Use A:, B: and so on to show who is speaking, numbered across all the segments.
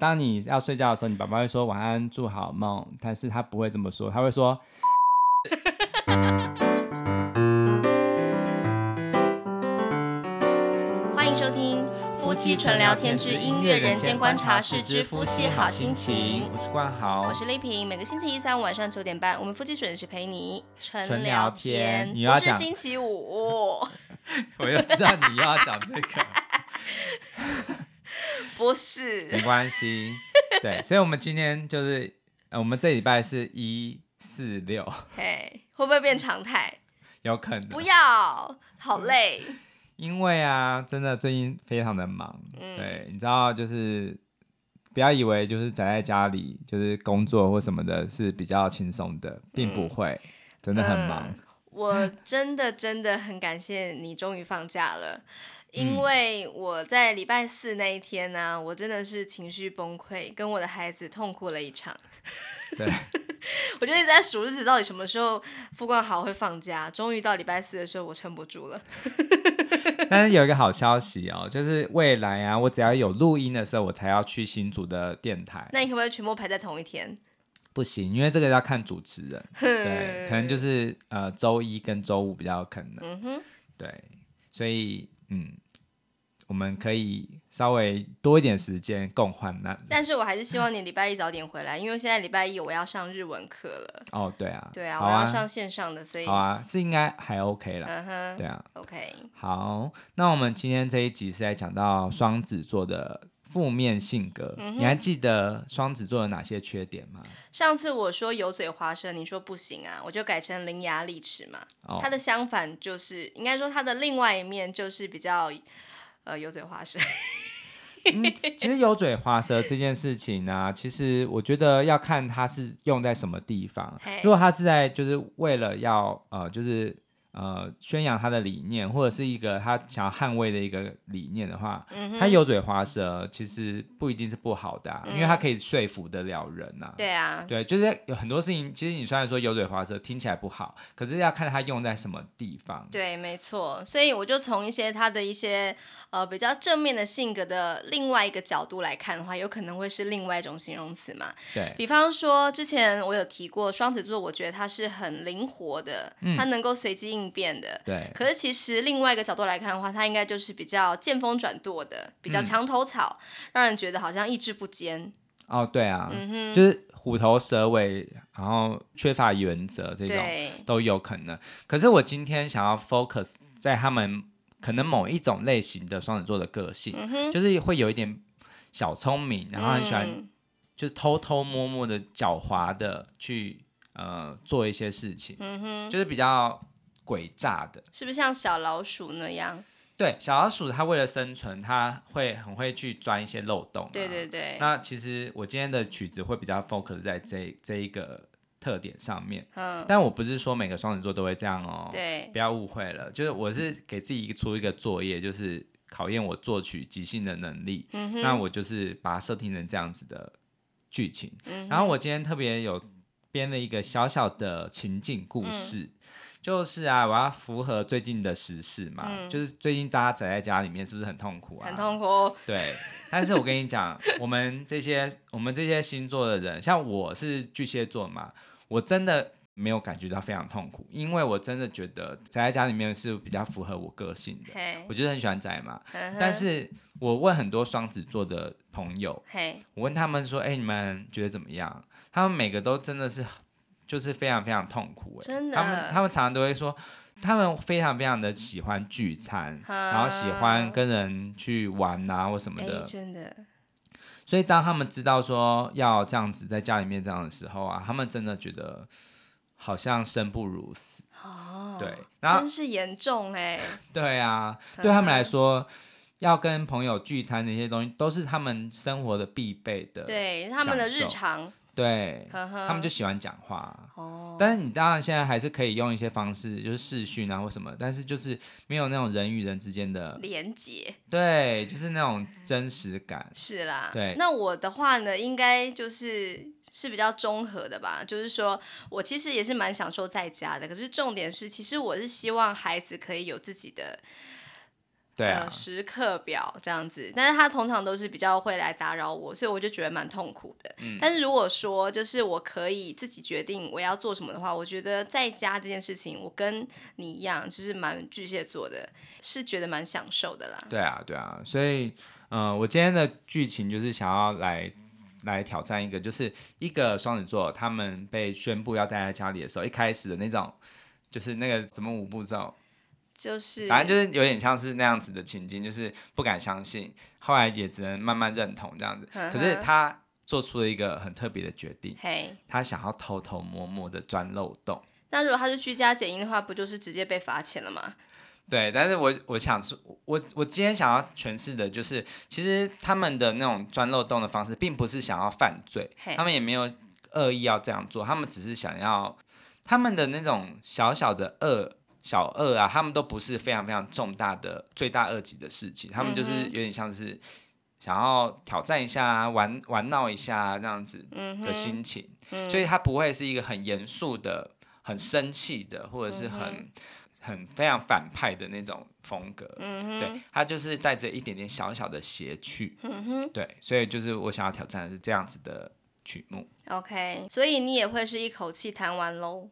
A: 當你要睡覺的時候，你爸爸會說晚安，祝好夢。但是他不會這麼說，他會說。
B: 歡迎收聽《夫妻純聊天之音樂人間觀察室之夫妻好星
A: 琴，》 我是冠豪，我是
B: 麗萍。每個星期一、三、晚上九點半，我們夫妻準時陪你純聊天。你要講星期五， 我又知道你要講這個。 不是，沒關
A: 係。對，所以，我們今天就是， 呃，我們這禮拜是一四六。
B: 對，會不會變常態？
A: 有可能。不
B: 要，好累、嗯。
A: 因為啊，真的最近非常的忙。嗯、對，你知道，就是不要以為就是宅在家裡就是工作或什麼的，是比較輕鬆的，並不會，嗯、真的很忙、嗯。
B: 我真的真的很感謝你，終於放假了。 因為我在禮拜四那一天呢、啊嗯，我真的是情緒崩潰，跟我的孩子痛哭了一場。
C: 對，
B: 我就一直在數日子，到底什麼時候傅冠豪會放假？終於到禮拜四的時候，我撐不住了。
A: 但是有一個好消息哦，就是未來啊，我只要有錄音的時候，我才要去新竹的電台。那
B: 你可不可以全部排在同一天？
A: 不行，因為這個要看主持人。
B: 對，可能就
A: 是呃周一跟周五比較可能。嗯、對，所以。嗯，我們可以稍微多一點時間共患難。
B: 但是我還是希望你禮拜一早點回來、嗯，因為現在禮拜一我要上日文課
A: 了。哦，對啊，對啊，啊我要上
B: 線上的，所以好啊，
A: 是應該還 OK 啦。嗯哼，對啊，OK。好，那我們今天這一集是來講到雙子座的。嗯嗯負面性格、嗯，你還記得雙子座有哪些缺點嗎？
B: 上次我說油嘴滑舌，你說不行啊，我就改成伶牙俐齒嘛、哦。它的相反就是，應該說它的另外一面就是比較，呃，油嘴滑舌、嗯。
A: 其實油嘴滑舌這件事情啊， 其實我覺得要看它是用在什麼地方。如果它是在就是為了要呃，就是。呃，宣揚他的理念，或者是一個他想要捍衛的一個理念的話，嗯，他油嘴滑舌其實不一定是不好的啊，嗯，因為他可以說服得了人吶，啊，嗯。
B: 對啊，對，
A: 就是有很多事情，其實你雖然說油嘴滑舌聽起來不好，可是要看他用在什麼地方。
B: 對，沒錯。所以我就從一些他的一些呃比較正面的性格的另外一個角度來看的話，有可能會是另外一種形容詞嘛。對，比方說之前我有提過雙子座，我覺得他是很靈活的，嗯，他能夠隨機應。變的，對。可是其實另外一個角度來看的話，它應該就是比較見風轉舵的，比較牆頭草，嗯、讓人覺得好像意志不堅。
A: 哦，對啊，嗯、就是虎頭蛇尾，然後缺乏原則，這種、嗯、都有可能。可是我今天想要 focus 在他們可能某一種類型的雙子座的個性，嗯、就是會有一點小聰明，然後很喜歡就偷偷摸摸的、狡猾的去呃做一些事情，嗯哼、就是比較。詭詐的，
B: 是不是像小老鼠那樣？
A: 對，小老鼠它為了生存，它會很會去鑽一些漏洞啊。
B: 對對對。那
A: 其實我今天的曲子會比較 focus 在這這一個特點上面。嗯。但我不是說每個雙子座都會這樣哦。對。不要誤會了，就是我是給自己一個出一個作業，就是考驗我作曲即興的能力。嗯。那我就是把它設定成這樣子的劇情。嗯。然後我今天特別有編了一個小小的情景故事。嗯就是啊，我要符合最近的時事嘛。嗯、就是最近大家宅在家裡面，是不是很痛苦啊？很痛苦、哦。對。但是我跟你講， 我們這些我們這些星座的人，像我是巨蟹座嘛，我真的沒有感覺到非常痛苦，因為我真的覺得宅在家裡面是比較符合我個性的。嘿，我就是很喜歡宅嘛呵呵。但是我問很多雙子座的朋友嘿，我問他們說：“哎、欸，你們覺得怎麼樣？”他們每個都真的是。就是非常非常痛苦，哎、欸，
B: 真的，他們他
A: 們常常都會說，他們非常非常的喜歡聚餐，嗯、然後喜歡跟人去玩吶、啊、或什麼的、欸，真的。所以當他們知道說要這樣子在家裡面這樣的時候啊，他們真的覺得好像生不如死哦。對，然後真
B: 是嚴重哎、欸。
A: 對啊，對他們來說，要跟朋友聚餐這些東西都是他們生活的必備的，對
B: 他們的日常。
A: 對呵呵，他們就喜歡講話，
B: 哦。但是
A: 你當然現在還是可以用一些方式，就是視訊啊或什麼，但是就是沒有那種人與人之間的
B: 連接。
A: 對，就是那種真實感。是
B: 啦，對。那我的話呢，應該就是是比較綜合的吧，就是說我其實也是蠻享受在家的。可是重點是，其實我是希望孩子可以有自己的。對、啊，呃，時刻表這樣子，但是他通常都是比較會來打擾我，所以我就覺得蠻痛苦的，嗯。但是如果說就是我可以自己決定我要做什麼的話，我覺得在家這件事情，我跟你一樣，就是蠻巨蟹座的，是覺得蠻享受的啦。
A: 對啊，對啊，所以，嗯、呃，我今天的劇情就是想要來、嗯、來挑戰一個，就是一個雙子座，他們被宣布要待在家裡的時候，一開始的那種，就是那個什麼五步驟。
B: 就是，反正就是有
A: 點像是那樣子的情景，就是不敢相信，後來也只能慢慢認同這樣子。呵呵可是他做出了一個很特別的決定，他想要偷偷摸摸的鑽漏洞。
B: 那如果他是居家檢疫的話，不就是直接被罰錢了嗎？
A: 對，但是我我想說，我我今天想要詮釋的就是，其實他們的那種鑽漏洞的方式，並不是想要犯罪，他們也沒有惡意要這樣做，他們只是想要他們的那種小小的惡。小二啊，他們都不是非常非常重大的最大二級的事情，他們就是有點像是想要挑戰一下、啊、玩玩鬧一下、啊、這樣子的心情，嗯嗯、所以它不會是一個很嚴肅的、很生氣的，或者是很、嗯、很非常反派的那種風格。嗯，對，它就是帶着一點點小小的邪趣、
B: 嗯。
A: 對，所以就是我想要挑戰的是這樣子的曲目。
B: OK，所以你也會是一口氣彈完嘍？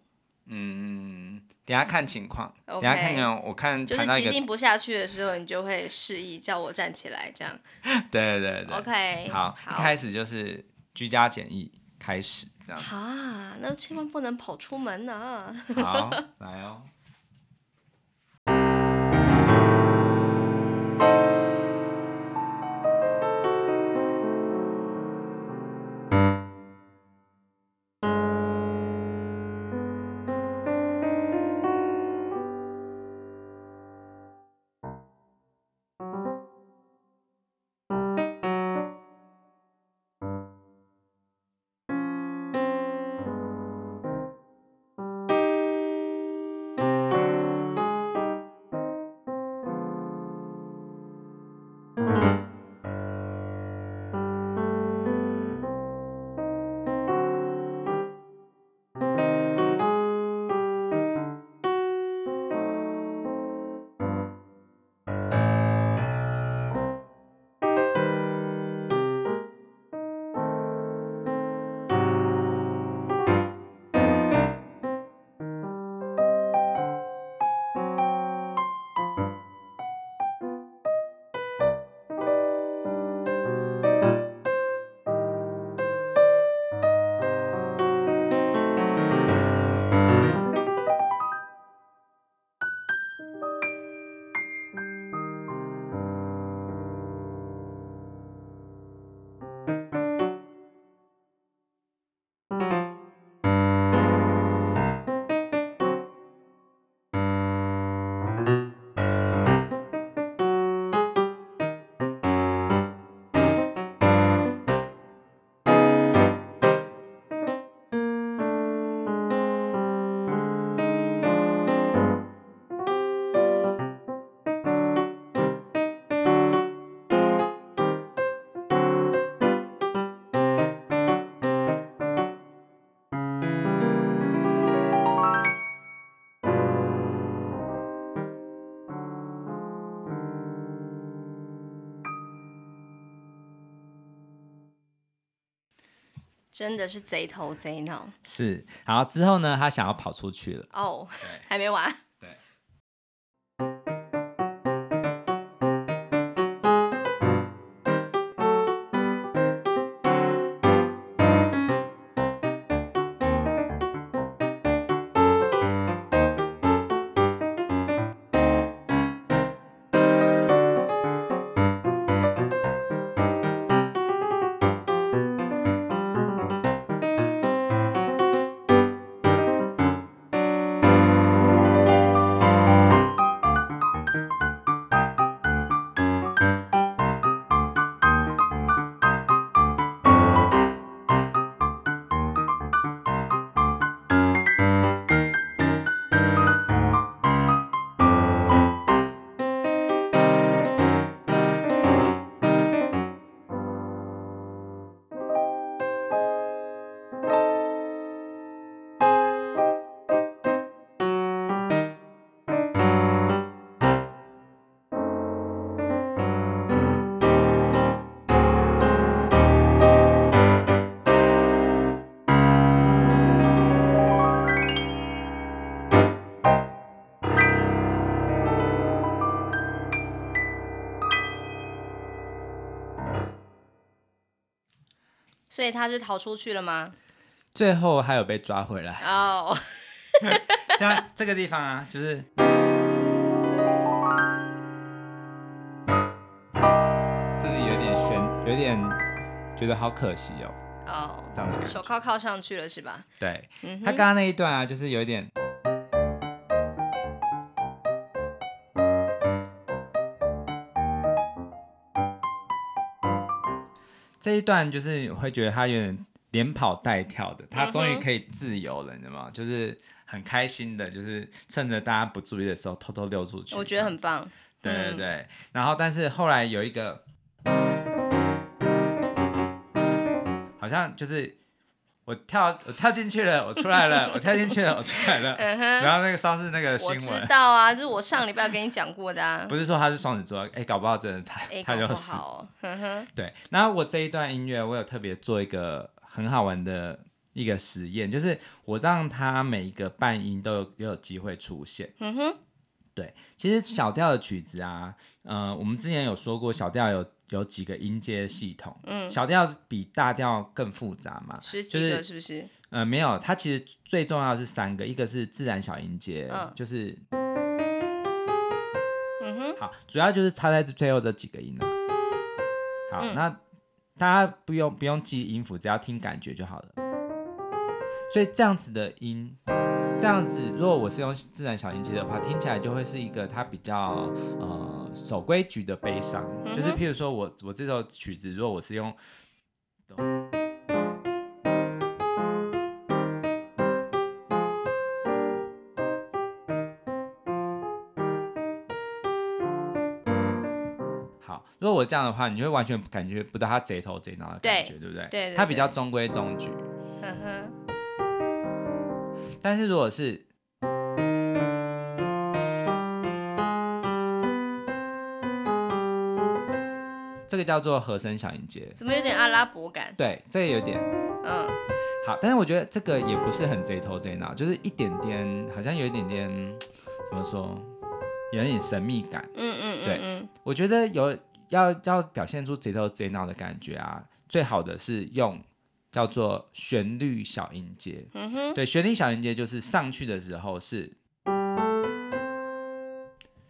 A: 嗯，等一下看情況，okay. 等一下看看，我看就是即興不
B: 下去的時候、嗯，你就會示意叫我站起來這樣。
A: 對對對，OK，好，好，一開始就是居家檢疫開始這
B: 樣。啊，那千萬不能跑出門啊！好，來哦。 真的是賊頭賊腦，
A: 是。然後之後呢，他想要跑出去
B: 了。哦，還沒完。所以他是逃出去了嗎？
A: 最後還有被抓回來哦。
B: 在、oh.
A: 這樣，這個地方啊，就是 就是有點懸，有點覺得好可惜
B: 哦。哦、oh.，手銬銬上去了是吧？
A: 對，mm -hmm. 他剛剛那一段啊，就是有點。這一段就是我會覺得他有點連跑帶跳的，他終於可以自由了，你知道嗎？就是很開心的，就是趁着大家不注意的時候偷偷溜出去。我覺得很棒。對對對，嗯、然後但是後來有一個，好像就是。我跳，我跳進去了，我出來了， 我跳進去了，我出來了。 嗯、然後那個上次那個新聞，我知
B: 道啊，就是我上禮拜有跟你講過的。啊。 不
A: 是說他是雙子座，哎、欸，搞不好真的他，欸、他就是。好、嗯。對，然後我這一段音樂，我有特別做一個很好玩的一個實驗，就是我讓他每一個半音都有，有機會出現。嗯對，其實小調的曲子啊，嗯、呃，我們之前有說過小調有，小調有有幾個音階系統，嗯，小調比大調更複雜嘛，是，幾個是不是、就是呃？沒有，它其實最重要的是三個，一個是自然小音階、哦，就是，嗯
B: 哼，好，
A: 主要就是差在這最後這幾個音呢、啊。好、嗯，那大家不用不用記音符，只要聽感覺就好了。所以這樣子的音。這樣子，如果我是用自然小音階的話，聽起來就會是一個它比較呃守規矩的悲傷、嗯。就是譬如說我，我我這首曲子，如果我是用，嗯、好，如果我這樣的話，你會完全感覺不到它賊頭賊腦的感覺對，對不對？對，對，對，它比較中規中矩。但是如果是這個叫做和聲小音階，怎麼有
B: 點阿拉伯感？
A: 對，這個有點。嗯，好，但是我覺得這個也不是很賊頭賊腦，就是一點點，好像有一點點，怎麼說，有一點神秘感。嗯，嗯嗯嗯，對，我覺得有要要表現出賊頭賊腦的感覺啊，最好的是用。叫做旋律小音階、嗯。對，旋律小音階就是上去的時候是、嗯、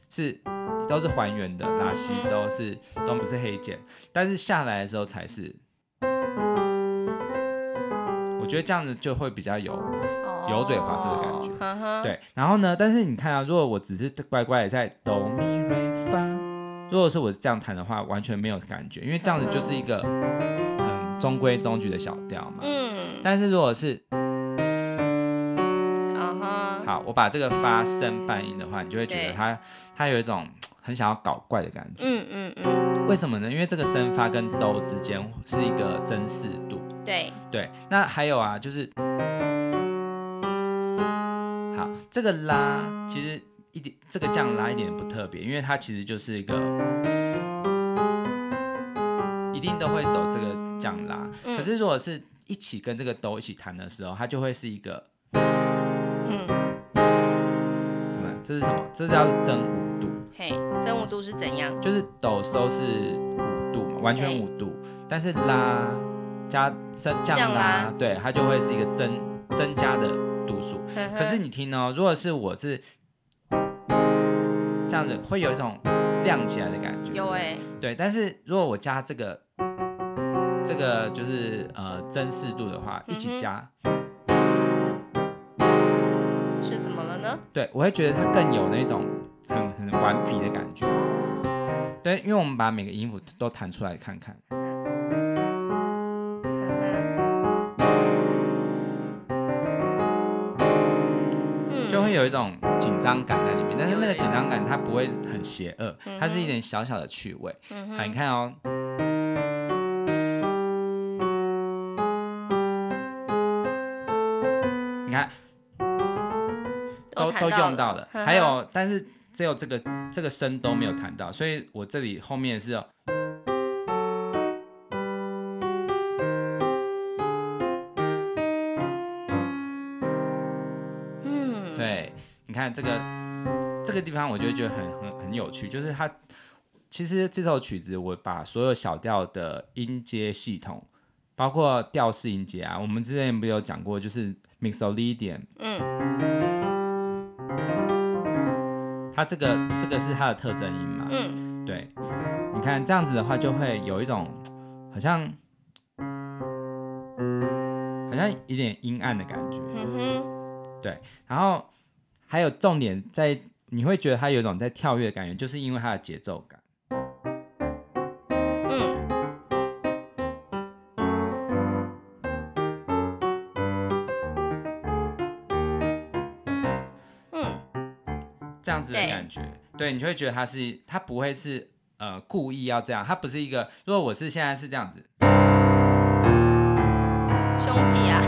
A: 是都是還原的，拉、嗯、西都是都不是黑鍵，但是下來的時候才是、嗯。我覺得這樣子就會比較有油、哦、嘴滑舌的感覺呵呵。對，然後呢，但是你看啊，如果我只是乖乖的在哆咪瑞發，如果是我這樣彈的話，完全沒有感覺，因為這樣子就是一個。呵呵中規中矩的小調嘛、嗯，但是如果是，
C: 啊、
A: 嗯、哈，好，我把這個發升半音的話，你就會覺得它它有一種很想要搞怪的感覺，嗯嗯嗯，為什麼呢？因為這個升發跟哆之間是一個增四度，對對，那還有啊，就是，好，這個拉其實一點這個降拉一點不特別，因為它其實就是一個一定都會走這個。降拉，嗯，可是如果是一起跟這個 Do 一起彈的時候，它就會是一個，嗯，怎麼這是什麼？這叫增五度。嘿，增五
B: 度是怎樣？
A: 就是 Do 收是五度嘛，完全五度，但是拉加升降拉，拉，對，它就會是一個增增加的度數。可是你聽哦，喔，如果是我是這樣子，會有一種亮起來的感覺。有哎，欸。對，但是如果我加這個。這個就是呃真實度的話、嗯、一起加，
B: 是怎麼了呢？
A: 對我會覺得它更有那種很很頑皮的感覺，對，因為我們把每個音符都彈出來看看，嗯、就會有一種緊張感在裡面、嗯，但是那個緊張感它不會很邪惡，嗯、它是一點小小的趣味。嗯、好，你看哦。看都都，都用到了，還有，但是只有這個這個聲都沒有彈到，所以我這裡後面是有，嗯，對，你看這個這個地方，我就覺得很很很有趣，就是它其實這首曲子，我把所有小調的音階系統。包括調式音階啊，我們之前不有講過，就是 mixolydian，嗯，它這個這個是它的特徵音嘛，嗯，對，你看這樣子的話，就會有一種好像好像有點陰暗的感覺，嗯哼，對，然後還有重點在，你會覺得它有一種在跳躍的感覺，就是因為它的節奏感。感對，對，你就會覺得他是，他不會是，呃，故意要這樣，他不是一個。如果我是現在是這樣子，
B: 凶屁啊，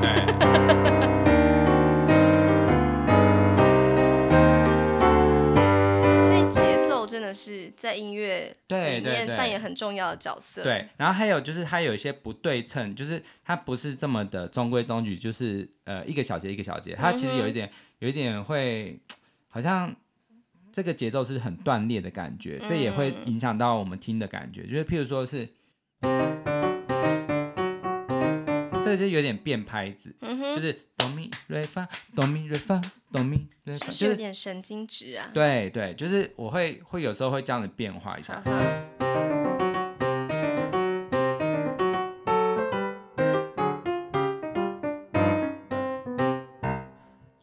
B: 對。 所以節奏真的是在音樂
A: 裡面扮演
B: 很重要的角色。對，對對
A: 對，然後還有就是它有一些不對稱，就是它不是這麼的中規中矩，就是呃，一個小節一個小節，它其實有一點，嗯、有一點會好像。這個節奏是很斷裂的感覺、嗯，這也會影響到我們聽的感覺。就是譬如說，是，嗯、這個、就有點變拍子，就是哆咪、瑞發、哆咪、瑞發、哆咪、瑞發，就有
B: 點神經質啊。就是、對
A: 對，就是我會會有時候會這樣子變化一下。好好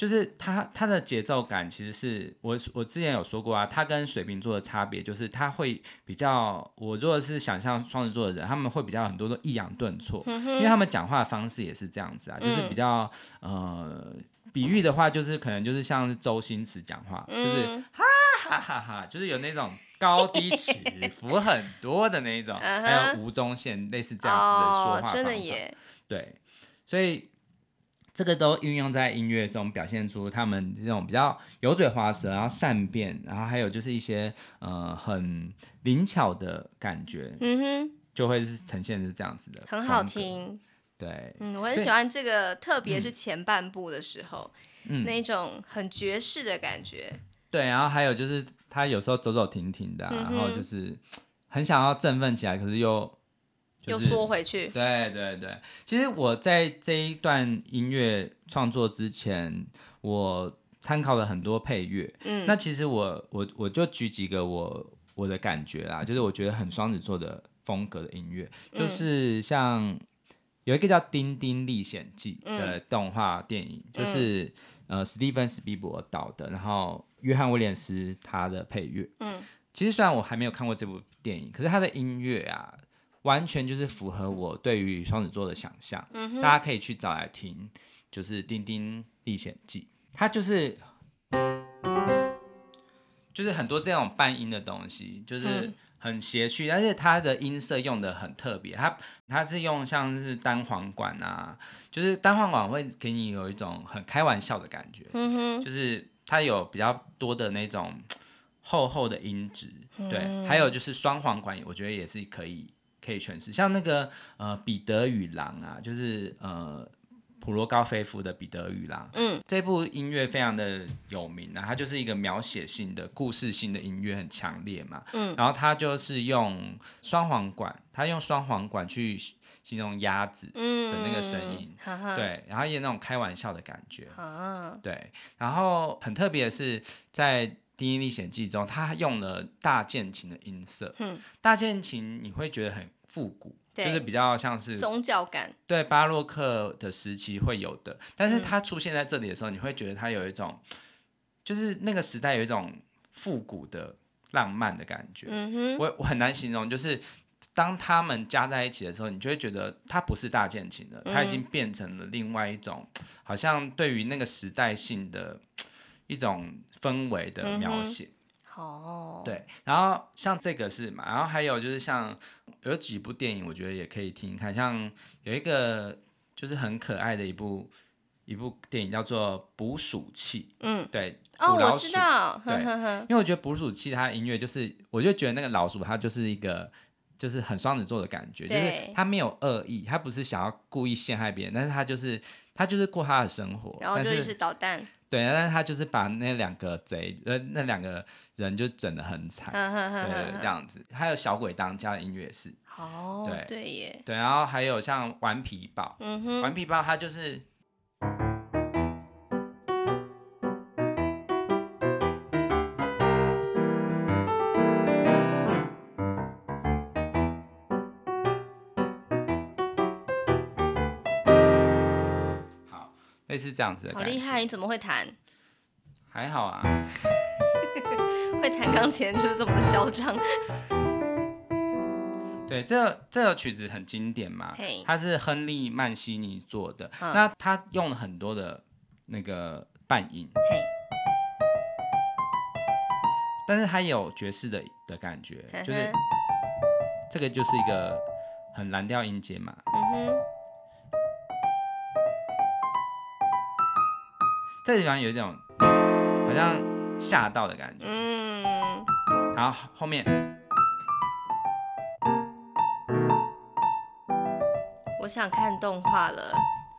A: 就是他，他的節奏感其實是我，我之前有說過啊，他跟水瓶座的差別就是他會比較，我如果是想象雙子座的人，他們會比較很多都抑揚頓挫，因為他們講話的方式也是這樣子啊，嗯、就是比較呃，比喻的話就是可能就是像周星馳講話、嗯，就是哈哈哈哈，就是有那種高低起伏很多的那種， 還有吳宗憲類似這樣子的說話方法，哦、真的對，所以。這個都運用在音樂中，表現出他們這種比較油嘴滑舌，然後善變，然後還有就是一些呃很靈巧的感覺，嗯
B: 哼，
A: 就會是呈現是這樣子的，很好聽，對，
B: 嗯，我很喜歡這個，特別是前半部的時候，嗯，那種很爵士的感覺，
A: 對，然後還有就是他有時候走走停停的、啊嗯，然後就是很想要振奮起來，可是又。就是、
B: 又縮
A: 回去。對對對，其實我在這一段音樂創作之前，我參考了很多配樂。嗯，那其實我我我就舉幾個我我的感覺啦，就是我覺得很雙子座的風格的音樂、嗯，就是像有一個叫《丁丁歷險記》的動畫電影，嗯、就是、嗯、呃，史蒂芬·史匹柏導的，然後約翰·威廉斯他的配樂。
C: 嗯，
A: 其實雖然我還沒有看過這部電影，可是他的音樂啊。完全就是符合我對於雙子座的想象、嗯。大家可以去找來聽，就是《丁丁歷險記》，它就是就是很多這種半音的東西，就是很邪趣、嗯，但是它的音色用的很特別。它它是用像是單簧管啊，就是單簧管會給你有一種很開玩笑的感覺。嗯哼，就是它有比較多的那種厚厚的音質。對、嗯，還有就是雙簧管，我覺得也是可以。可以詮釋，像那個呃《彼得與狼》啊，就是呃普羅高菲夫的《彼得與狼》，嗯，這部音樂非常的有名啊，它就是一個描寫性的、故事性的音樂，很強烈嘛，嗯，然後他就是用雙簧管，他用雙簧管去形容鴨子的那個聲音，嗯、對，然後也有那種開玩笑的感覺、嗯，對，然後很特別的是在。《丁丁歷險記》中，他用了大鍵琴的音色。嗯，大鍵琴你會覺得很復古，就是比較像是宗
B: 教感。
A: 對巴洛克的時期會有的，但是他出現在這裡的時候，嗯、你會覺得他有一種，就是那個時代有一種復古的浪漫的感覺。嗯、我我很難形容，就是當他們加在一起的時候，你就會覺得他不是大鍵琴了、嗯，他已經變成了另外一種，好像對於那個時代性的。一種氛圍的描寫，嗯、
C: 好哦，對，
A: 然後像這個是嘛，然後還有就是像有幾部電影，我覺得也可以聽聽看，像有一個就是很可愛的一部一部電影叫做《捕鼠器》，嗯，對，哦，捕老鼠我知道，
B: 對，呵呵呵，因為我
A: 覺得《捕鼠器》它的音樂就是，我就覺得那個老鼠它就是一個就是很雙子座的感覺，對，就是它沒有惡意，它不是想要故意陷害別人，但是它就是它就是過它的生活，然後就是搗蛋對，但是他就是把那兩個賊呃，那兩個人就整得很慘，呵呵呵對，對，這樣子。還有小鬼當家的音樂室，
B: 哦，對對，
A: 對，然後還有像頑皮豹，嗯哼，頑皮豹他就是。類似這樣子的感覺，
B: 好厲害！你怎麼會彈？
A: 還好啊。
B: 會彈鋼琴就是這麼的囂張。
A: 對，這這首曲子很經典嘛，hey. 它是亨利·曼西尼做的。嗯、那他用了很多的那個半音，hey. 但是他有爵士的的感覺， 就是這個就是一個很藍調音階嘛。嗯哼。這個地方有一種好像嚇到的感覺。嗯，然後後面，
B: 我想看動畫了。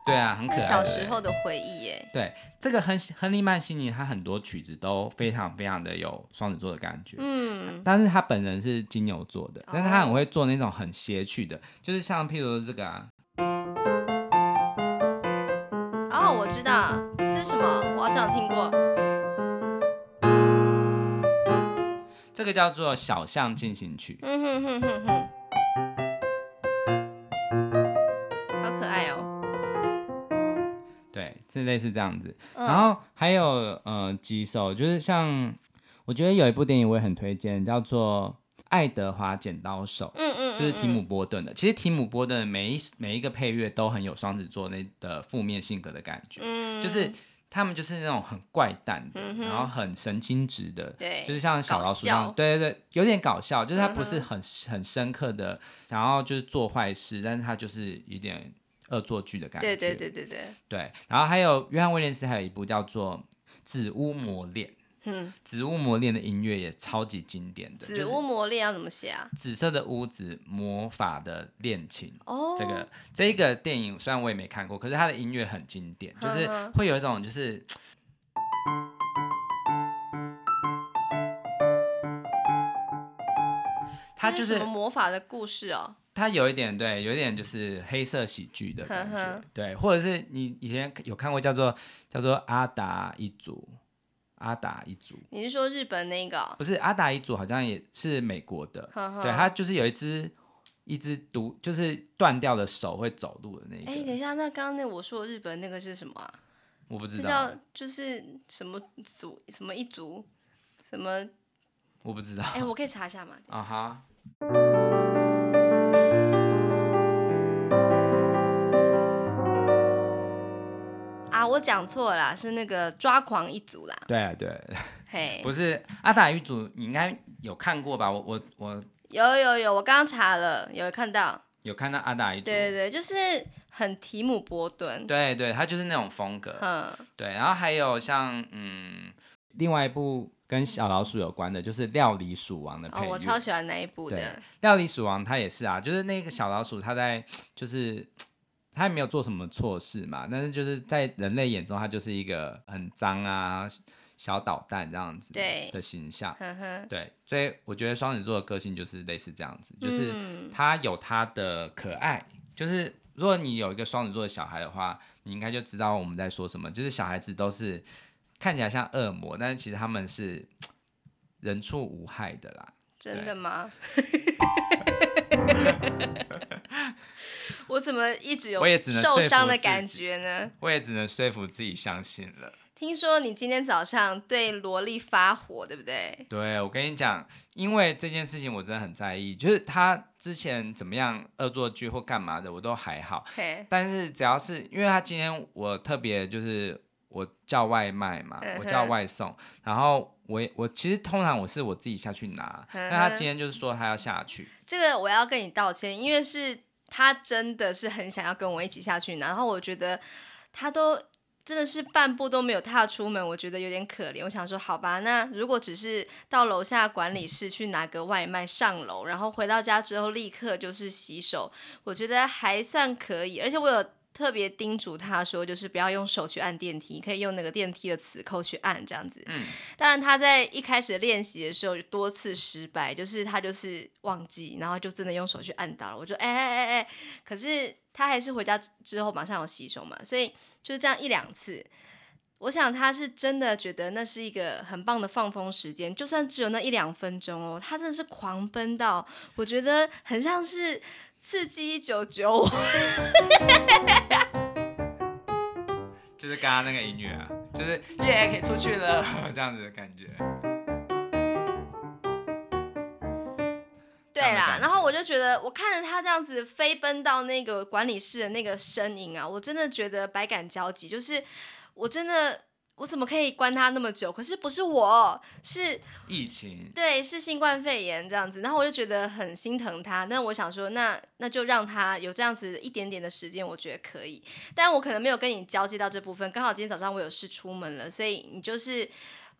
B: 對啊，很可愛。小時候的回憶耶。
A: 對，這個亨亨利曼西尼，他很多曲子都非常非常的有雙子座的感覺。
B: 嗯，
A: 但是他本人是金牛座的，但是他很會做那種很諧趣的、哦，就是像譬如這個
B: 啊。哦，我知道。什麼？我好像有聽過。
A: 這個叫做《小象進行曲》。嗯
B: 哼哼哼哼。好可愛哦，喔。
A: 對，這類似這樣子，嗯。然後還有呃幾首，就是像我覺得有一部電影我也很推薦，叫做《愛德華剪刀手》。嗯嗯，嗯，嗯。這，就是提姆波頓的。其實提姆波頓每一每一個配樂都很有雙子座那的負面性格的感覺。嗯嗯就是。他們就是那種很怪誕的，嗯，然後很神經質的，就是像小，小老鼠一樣，對對對，有點搞笑，就是他不是很很深刻的，然後就是做壞事，嗯，但是他就是有點惡作劇的感覺，
B: 對
A: 對對對對，然後還有約翰威廉斯還有一部叫做《紫屋魔戀》嗯，紫屋魔戀的音樂也超級經典的。紫屋
B: 魔戀要怎麼寫啊？就是、
A: 紫色的屋子，魔法的戀情。哦，這個這個電影雖然我也沒看過，可是它的音樂很經典，就是會有一種就是。呵呵它就是,是
B: 魔法的故事哦。
A: 它有一點對，有一點就是黑色喜劇的感覺，呵呵對，或者是你以前有看過叫做叫做阿達一族。阿達一族，你
B: 是說日本那個、喔？
A: 不是阿達一族，好像也是美國的。呵呵對，他就是有一隻，一隻獨，就是斷掉的手會走路的那一個。哎、欸，
B: 等一下，那剛剛那我說的日本那個是什麼啊？
A: 我不知道，
B: 就是什麼族，什麼一族，什麼？
A: 我不知道。哎、欸，我可以查一下嗎？啊哈。
B: 啊、我講錯了啦，是那個抓狂一族
A: 啦。對對，嘿、hey.，不是阿達一族，你應該有看過吧？我我我
B: 有有有，我剛剛查了，有看到，
A: 有看到阿達一族。對
B: 對，就是很提姆波頓，
A: 對對，他就是那種風格。嗯，對，然後還有像嗯，另外一部跟小老鼠有關的，就是《料理鼠王》的配樂。哦，我超喜
B: 歡那一部的
A: 《料理鼠王》，他也是啊，就是那個小老鼠，他在就是。他也沒有做什麼錯事嘛，但是就是在人類眼中，他就是一個很髒啊、小搗蛋這樣子的形象。對，呵呵。對，所以我覺得雙子座的個性就是類似這樣子，就是他有他的可愛。嗯、就是如果你有一個雙子座的小孩的話，你應該就知道我們在說什麼。就是小孩子都是看起來像惡魔，但是其實他們是人畜無害的啦。真的
B: 嗎？ 我怎麼一直有受傷的感覺呢
A: 我？我也只能說服自己相信了。
B: 聽說你今天早上對羅力發火，對不對？
A: 對，我跟你講，因為這件事情我真的很在意。就是他之前怎麼樣惡作劇或幹嘛的，我都還好。Okay. 但是只要是因為他今天，我特別就是我叫外賣嘛，我叫外送，嗯、然後我我其實通常我是我自己下去拿、嗯，但他今天就是說他要下去。
B: 這個我要跟你道歉，因為是。他真的是很想要跟我一起下去，然後我覺得他都真的是半步都沒有踏出門，我覺得有點可憐。我想說，好吧，那如果只是到樓下管理室去拿個外賣上樓，然後回到家之後立刻就是洗手，我覺得還算可以。而且我有。特別叮囑他說，就是不要用手去按電梯，可以用那個電梯的磁扣，去按，這樣子、嗯。當然他在一開始練習的時候有多次失敗，就是他就是忘記，然後就真的用手去按到了。我就哎哎哎哎，可是他還是回家之後馬上有洗手嘛，所以就是這樣一兩次，我想他是真的覺得那是一個很棒的放風時間，就算只有那一兩分鐘哦，他真的是狂奔到，我覺得很像是。刺激一九九五，就
A: 是剛剛那個音樂啊，就是耶，可以出去了這樣子的感覺。
B: 對啦、啊，然後我就覺得，我看着他這樣子飛奔到那個管理室的那個身影啊，我真的覺得百感交集，就是我真的。我怎麼可以關他那麼久？可是不是我，是疫情對，是新冠肺炎這樣子。然後我就覺得很心疼他，但我想說那，那那就讓他有這樣子一點點的時間，我覺得可以。但我可能沒有跟你交接到這部分。剛好今天早上我有事出門了，所以你就是。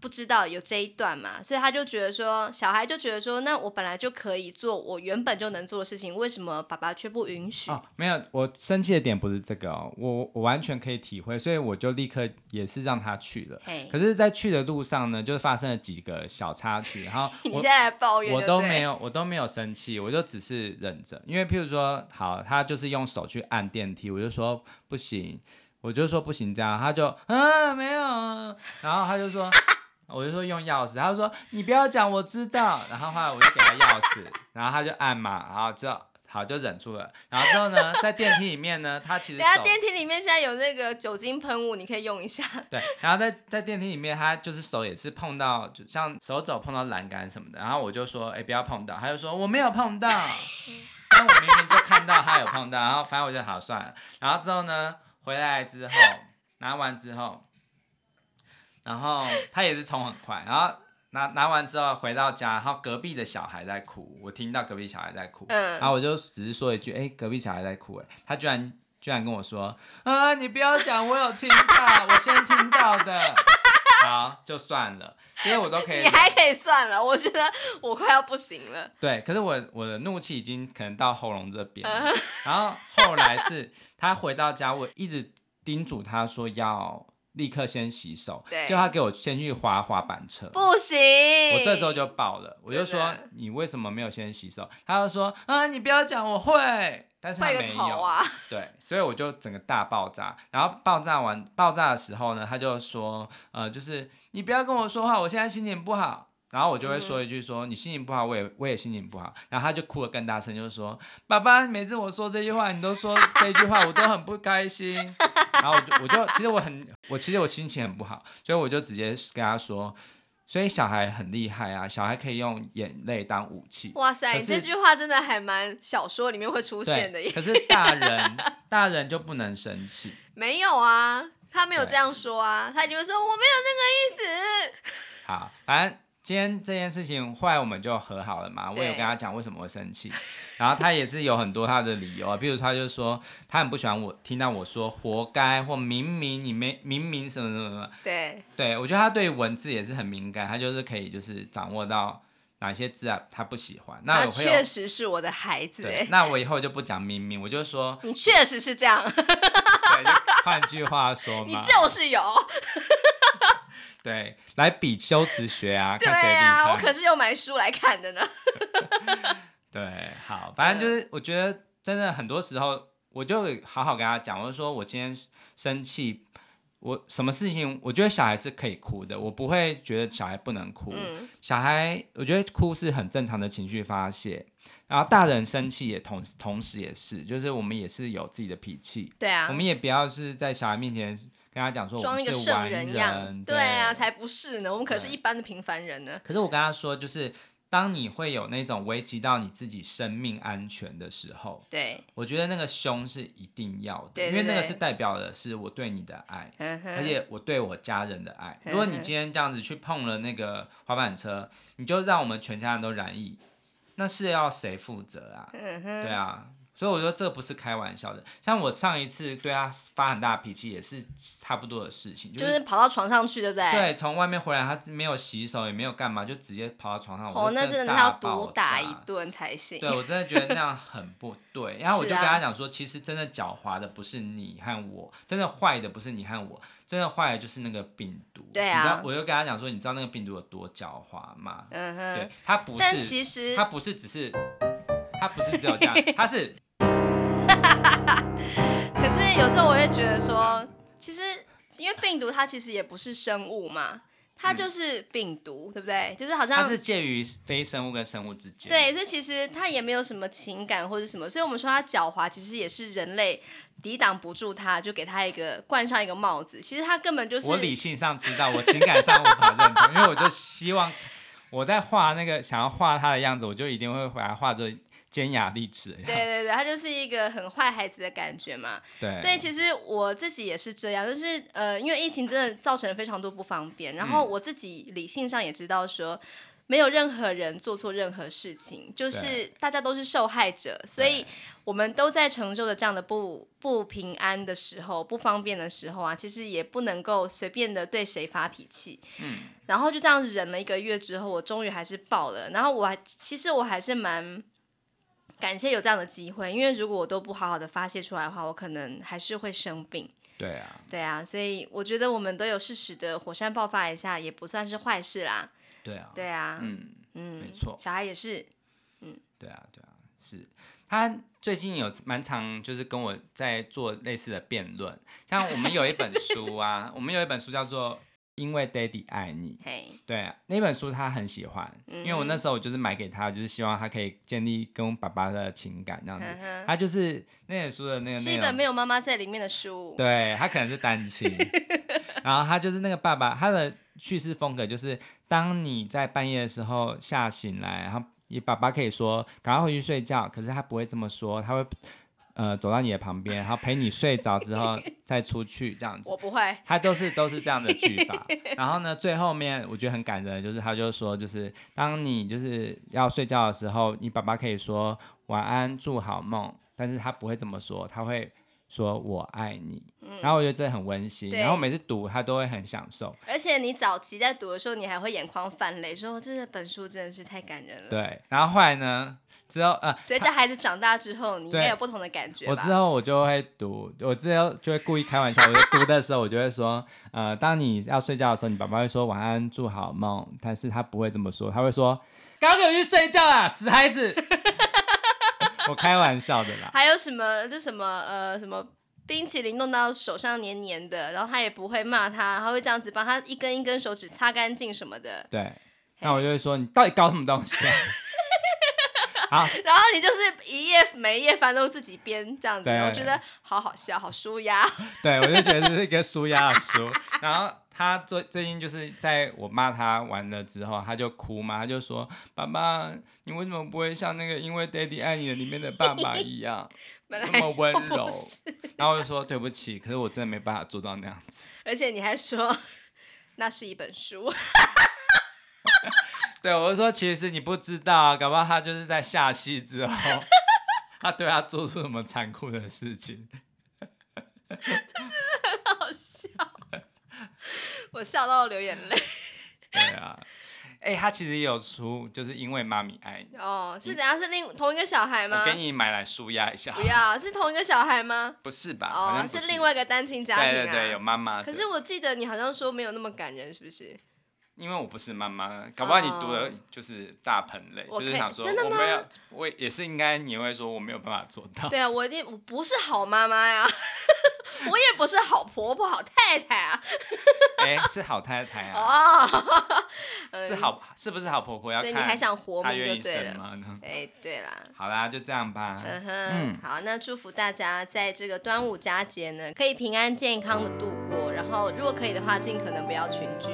B: 不知道有這一段嘛，所以他就覺得說，小孩就覺得說，那我本來就可以做我原本就能做的事情，為什麼爸爸卻不允許？哦，
A: 沒有，我生氣的點不是這個哦，我我完全可以體會，所以我就立刻也是讓他去了。Hey. 可是，在去的路上呢，就是發生了幾個小插曲，然後 你現在來
B: 抱怨，我都沒有，
A: 我都沒有生氣，我就只是忍着，因為譬如說，好，他就是用手去按電梯，我就說不行，我就說不行，這樣，他就嗯、啊、沒有、啊，然後他就說。 我就說用鑰匙，他就說你不要講，我知道。然後後來我就給他鑰匙，然後他就按嘛，然後就好，就忍住了。然後之後呢，在電梯裡面呢，他其實……等下電
B: 梯裡面現在有那個酒精噴霧，你可以用一下。
A: 對，然後在在電梯裡面，他就是手也是碰到，就像手肘碰到欄杆什麼的。然後我就說：“欸，不要碰到。”他就說：“我沒有碰到。”但我明明就看到他有碰到。然後反正我就好，算了。然後之後呢，回來之後拿完之後。然後他也是衝很快，然後拿拿完之後回到家，然後隔壁的小孩在哭，我聽到隔壁小孩在哭，嗯、然後我就只是說一句：“哎，隔壁小孩在哭。”哎，他居然居然跟我說：“啊，你不要講，我有聽到， 我先聽到的。”好，就算了，因為我都可以，你還
B: 可以算了，我覺得我快要不行了。
A: 對，可是我我的怒氣已經可能到喉嚨這邊、嗯。然後後來是他回到家，我一直叮囑他說要。立刻先洗手，對。就他給我先去滑滑板車，不行，我這時候就爆了，我就說，你為什麼沒有先洗手？他就說，啊，你不要講，我會，但是他沒有、啊，對，所以我就整個大爆炸，然後爆炸完爆炸的時候呢，他就說呃，就是你不要跟我說話，我現在心情不好。然後我就會說一句說：說、嗯、你心情不好，我也我也心情不好。然後他就哭得更大聲，就是說： 爸爸每次我說這句話，你都說這句話， 我都很不開心。 然後我就，我就其實我很我其實我心情很不好，所以我就直接跟他說：所以小孩很厲害啊，小孩可以用眼淚當武器。
B: 哇塞，你這句話真的還蠻小說裡面會出現的。可是大人，
A: 大人就不能生氣？
B: 沒有啊，他沒有這樣說啊，他就會說我沒有那個意思。
A: 好，反正。今天這件事情，後來我們就和好了嘛。我有跟他講為什麼會生氣，然後他也是有很多他的理由啊。 比如他就說，他很不喜歡我聽到我說“活該”或“明明你沒明明什麼什麼什麼”對。對，對，我覺得他對文字也是很敏感，他就是可以就是掌握到哪些字啊他不喜歡。那確
B: 實是我的孩子，欸、對，那
A: 我以後就不講明明，我就說
B: 你確實是這樣。
A: 換 句話說嘛，你就
B: 是有。
A: 對，來比修辭學啊 看誰厲害？對啊，我可是
B: 用買書來看的呢。
A: 對，好，反正就是，我覺得真的很多時候，我就好好跟他講，我就說我今天生氣，我什麼事情，我覺得小孩是可以哭的，我不會覺得小孩不能哭。嗯、小孩，我覺得哭是很正常的情緒發泄，然後大人生氣也同時同時也是，就是我們也是有自己的脾氣。對啊。我們也不要是在小孩面前。跟他講說我們是完人，裝一個聖人樣。對，
B: 對啊，才不是呢，我們可是一般的平凡人呢。
A: 可是我跟他說，就是當你會有那種危及到你自己生命安全的時候，對，我覺得那個兇是一定要的。對對對對，因為那個是代表的是我對你的愛，呵呵，而且我對我家人的愛呵呵。如果你今天這樣子去碰了那個滑板車，你就讓我們全家人都染疫，那是要誰負責啊呵
B: 呵？對啊。
A: 所以我說這不是開玩笑的，像我上一次對他發很大脾氣也是差不多的事情，就是、就是、
B: 跑到床上去，對不對？對，
A: 從外面回來他沒有洗手也沒有幹嘛，就直接跑到床上，oh, 我真的，真的他要毒
B: 打一頓才行。對，我真的覺得那樣
A: 很不對。然 後我就跟他講說、啊，其實真的狡猾的不是你和我，真的壞的不是你和我，真的壞的就是那個病毒。對啊。你知道，我就跟他講說，你知道那個病毒有多狡猾嗎？嗯哼。對，他不是。但其實他不是只是。他不是只有這樣，他是。 可是
B: 有時候我會覺得說，其實因為病毒它其實也不是生物嘛，它就是病毒，嗯、對不對？就是好像它是介
A: 於非生物跟生物之間。對，
B: 所以其實它也沒有什麼情感或者什麼，所以我們說它狡猾，其實也是人類抵擋不住它，就給它一個冠上一個帽子。其實它根本就是。我理
A: 性上知道，我情感上無法認同， 因為我就希望我在畫那個想要畫它的樣子，我就一定會把它畫作。尖牙利齒，對
B: 對對，他就是一個很壞孩子的感覺嘛。
A: 對，對，其
B: 實我自己也是這樣，就是呃，因為疫情真的造成了非常多不方便。然後我自己理性上也知道說，嗯、沒有任何人做錯任何事情，就是大家都是受害者，所以我們都在承受着這樣的不不平安的時候、不方便的時候啊，其實也不能夠隨便的對誰發脾氣。
C: 嗯，
B: 然後就這樣忍了一個月之後，我終於還是爆了。然後我其實我還是蠻。感謝有這樣的機會，因為如果我都不好好的發洩出來的話，我可能還是會生病。對啊，對啊，所以我覺得我們都有適時的火山爆發一下，也不算是壞事啦。對啊，對啊，嗯嗯，
A: 沒
B: 錯，小孩也是，嗯，
A: 對啊對啊，是他最近有蠻常就是跟我在做類似的辯論，
B: 像我們有一本
A: 書啊， 對對對，我們有一本書叫做。因為爹地愛你，hey. 對，那本書他很喜歡，嗯，因為我那時候我就是買給他，就是希望他可以建立跟我爸爸的情感，那樣子哈哈。他就是那本書的那個那，是一本
B: 沒有媽媽在裡面的書。
A: 對，他可能是單親，
B: 然
A: 後他就是那個爸爸，他的敘事風格就是，當你在半夜的時候嚇醒來，然後你爸爸可以說趕快回去睡覺，可是他不會這麼說，他會。呃，走到你的旁邊，然後陪你睡着之後再出去，這樣子。 我不會，他都是都是這樣的句法。 然後呢，最後面我覺得很感人，就是他就說，就是當你就是要睡覺的時候，你爸爸可以說晚安，祝好夢，但是他不會這麼說，他會說我愛你。嗯、然後我覺得這很溫馨。然後每次讀他都會很享受，
B: 而且你早期在讀的時候，你還會眼眶泛淚，說這本書真的是太感人了。對，
A: 然後後來呢？之後啊，隨、
B: 呃、着孩子長大之後，你應該有不同的感覺。我之後我
A: 就會讀，我之後就會故意開玩笑。 我讀的時候，我就會說，呃，當你要睡覺的時候，你爸爸會說晚安，祝好夢。但是他不會這麼說，他會說，剛剛有去睡覺啦，啊，死孩子。 我開玩笑的啦。還
B: 有什麼？就什麼呃，什麼冰淇淋弄到手上黏黏的，然後他也不會罵他，他會這樣子幫他一根一根手指擦乾淨什麼的。
A: 對。Hey. 那我就會說，你到底搞什麼東西，啊？
B: 啊，然後你就是一頁每一頁翻，都自己編這樣子，我覺得好好笑，好舒壓。
A: 對，我就覺得這是一個舒壓的書。 然後他最最近就是在我罵他完了之後，他就哭嘛，他就說：“爸爸，你為什麼不會像那個《因為 Daddy 愛你》裡面的爸爸一樣
B: 那 麼溫柔 ？”
A: 然後我就說：“對不起，可是我真的沒辦法做到那樣子。”
B: 而且你還說那是一本書。
A: 對，我是說，其實你不知道、啊，搞不好他就是在下戲之後， 他對他做出什麼殘酷的事情， 真的很
B: 好笑，我笑到流眼淚。對
A: 啊，哎、欸，他其實也有出，就是因為媽咪愛你。
B: 哦，是等下是另同一個小孩嗎？我給
A: 你買來舒壓一下。不
B: 要，是同一個小孩嗎？
A: 不是吧？哦，好像是，是另
B: 外一個單親家庭、啊、對對對，有媽媽。可是我記得你好像說沒有那麼感人，是不是？
A: 因為我不是媽媽，搞不好你讀的就是大盆類，oh. 就是想說我，我不要，我也是應該你會說我沒有辦法做到。對
B: 啊，我一定我不是好媽媽呀， 我也不是好婆婆、好太太啊。
A: 哎、 欸，是好太太啊。哦、
B: oh. 嗯，是好
A: 是不是好婆婆？要看所以你還想活命？就對了。哎、欸，對啦。好啦，就這樣吧。呵呵，嗯
B: 哼。好，那祝福大家在這個端午佳節呢，可以平安健康的度過。嗯、然後，如果可以的話，儘可能不要群聚。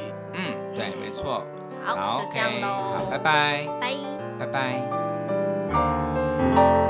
A: 對，沒錯。好，好，就這樣嘍。好，拜拜。拜。拜拜。